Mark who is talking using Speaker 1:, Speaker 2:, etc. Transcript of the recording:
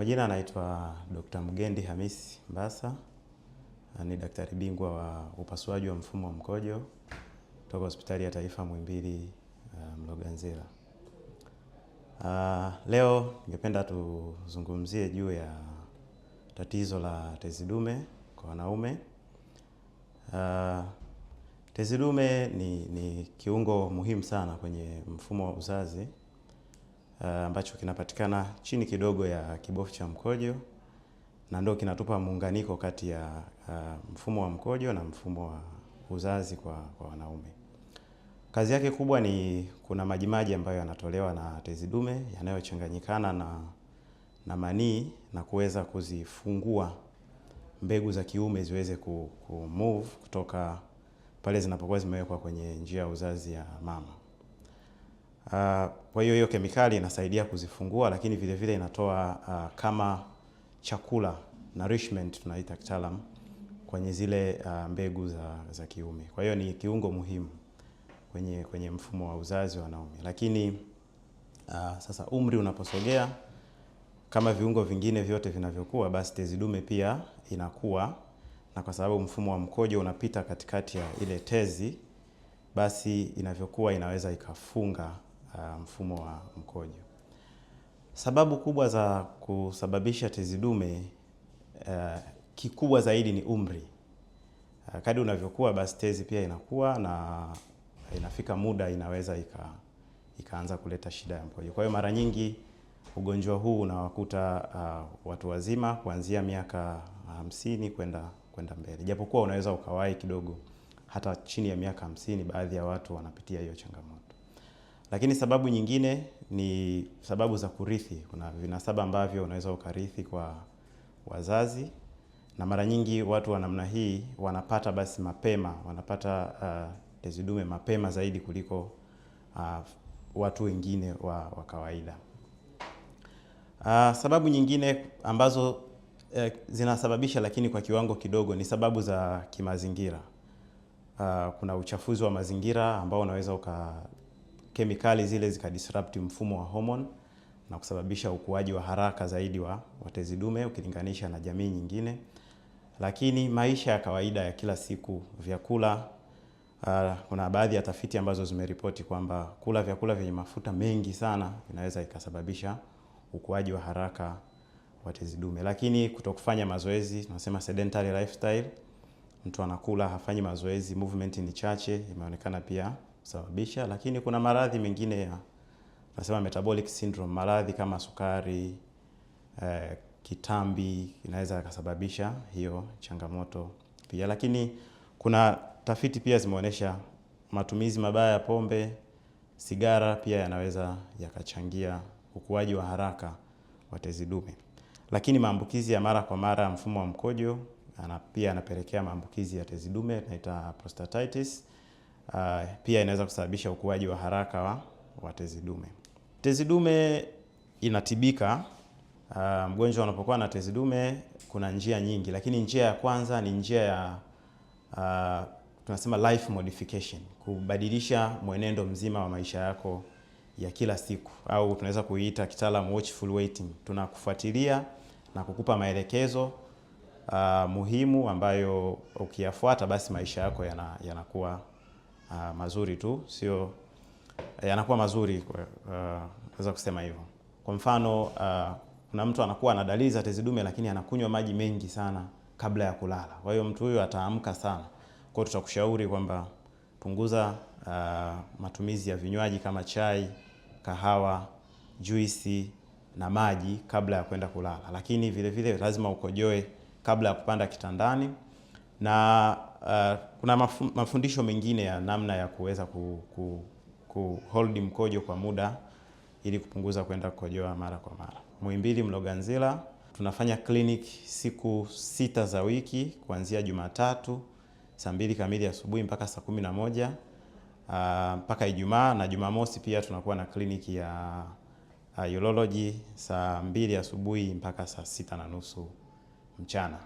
Speaker 1: majina anaitwa Dr. Mgendi Hamisi Mbasa, ni daktari bingwa wa upasuaji wa mfumo wa mkojo kutoka Hospitali ya Taifa Muhimbili uh, Mloganzila. Uh, leo ningependa tuzungumzie juu ya tatizo la tezi dume kwa wanaume. Uh, tezi dume ni, ni kiungo muhimu sana kwenye mfumo wa uzazi Eh, ambacho kinapatikana chini kidogo ya kibofu cha mkojo na ndio kinatupa muunganiko kati ya uh, mfumo wa mkojo na mfumo wa uzazi kwa, kwa wanaume. Kazi yake kubwa ni kuna majimaji ambayo yanatolewa na tezi dume yanayochanganyikana na, na manii na kuweza kuzifungua mbegu za kiume ziweze move kutoka pale zinapokuwa zimewekwa kwenye njia ya uzazi ya mama. Ah, kwa hiyo hiyo kemikali inasaidia kuzifungua, lakini vile vile inatoa uh, kama chakula nourishment tunaita kitaalam kwenye zile uh, mbegu za, za kiume. Kwa hiyo ni kiungo muhimu kwenye, kwenye mfumo wa uzazi wa wanaume, lakini uh, sasa umri unaposogea kama viungo vingine vyote vinavyokuwa, basi tezi dume pia inakuwa, na kwa sababu mfumo wa mkojo unapita katikati ya ile tezi, basi inavyokuwa inaweza ikafunga uh, mfumo wa mkojo. Sababu kubwa za kusababisha tezi dume uh, kikubwa zaidi ni umri. Uh, kadri unavyokuwa basi tezi pia inakuwa na inafika muda inaweza ika ikaanza kuleta shida ya mkojo. Kwa hiyo mara nyingi ugonjwa huu unawakuta uh, watu wazima kuanzia miaka hamsini uh, kwenda kwenda mbele, japokuwa unaweza ukawahi kidogo hata chini ya miaka hamsini, baadhi ya watu wanapitia hiyo changamoto. Lakini sababu nyingine ni sababu za kurithi. Kuna vinasaba ambavyo unaweza ukarithi kwa wazazi, na mara nyingi watu wa namna hii wanapata basi mapema, wanapata uh, tezi dume mapema zaidi kuliko uh, watu wengine wa, wa kawaida. Uh, sababu nyingine ambazo uh, zinasababisha lakini kwa kiwango kidogo ni sababu za kimazingira. Uh, kuna uchafuzi wa mazingira ambao unaweza uka kemikali zile zikadisrupt mfumo wa homoni na kusababisha ukuaji wa haraka zaidi wa, watezi dume ukilinganisha na jamii nyingine. Lakini maisha ya kawaida ya kila siku, vyakula uh, kuna baadhi ya tafiti ambazo zimeripoti kwamba kula vyakula vyenye mafuta mengi sana inaweza ikasababisha ukuaji wa haraka wa tezi dume. Lakini kutokufanya mazoezi, tunasema sedentary lifestyle, mtu anakula hafanyi mazoezi, movement ni chache, imeonekana pia kusababisha, lakini kuna maradhi mengine ya nasema metabolic syndrome, maradhi kama sukari eh, kitambi inaweza ikasababisha hiyo changamoto pia. Lakini kuna tafiti pia zimeonyesha matumizi mabaya ya pombe, sigara pia yanaweza yakachangia ukuaji wa haraka wa tezi dume. Lakini maambukizi ya mara kwa mara ya mfumo wa mkojo ana pia anapelekea maambukizi ya tezi dume tunaita prostatitis uh, pia inaweza kusababisha ukuaji wa haraka wa, wa tezi dume. Tezi dume inatibika. Uh, mgonjwa anapokuwa na tezi dume kuna njia nyingi, lakini njia ya kwanza ni njia ya uh, tunasema life modification, kubadilisha mwenendo mzima wa maisha yako ya kila siku, au tunaweza kuiita kitaalamu watchful waiting. Tunakufuatilia na kukupa maelekezo uh, muhimu ambayo ukiyafuata basi maisha yako yanakuwa yana uh, mazuri tu, sio yanakuwa mazuri eh, naweza uh, kusema hivyo. Kwa mfano uh, kuna mtu anakuwa ana dalili za tezi dume lakini anakunywa maji mengi sana kabla ya kulala. Kwa hiyo mtu huyo ataamka sana. Kwa hiyo tutakushauri kwamba punguza uh, matumizi ya vinywaji kama chai, kahawa, juisi na maji kabla ya kwenda kulala, lakini vile vile lazima ukojoe kabla ya kupanda kitandani na uh, kuna mafundisho mengine ya namna ya kuweza ku, ku, ku hold mkojo kwa muda ili kupunguza kwenda kukojoa mara kwa mara. Muhimbili Mloganzila tunafanya clinic siku sita za wiki kuanzia Jumatatu saa mbili kamili asubuhi mpaka saa kumi na moja uh, mpaka Ijumaa na Jumamosi pia tunakuwa na clinic ya uh, urology saa mbili asubuhi mpaka saa sita na nusu mchana.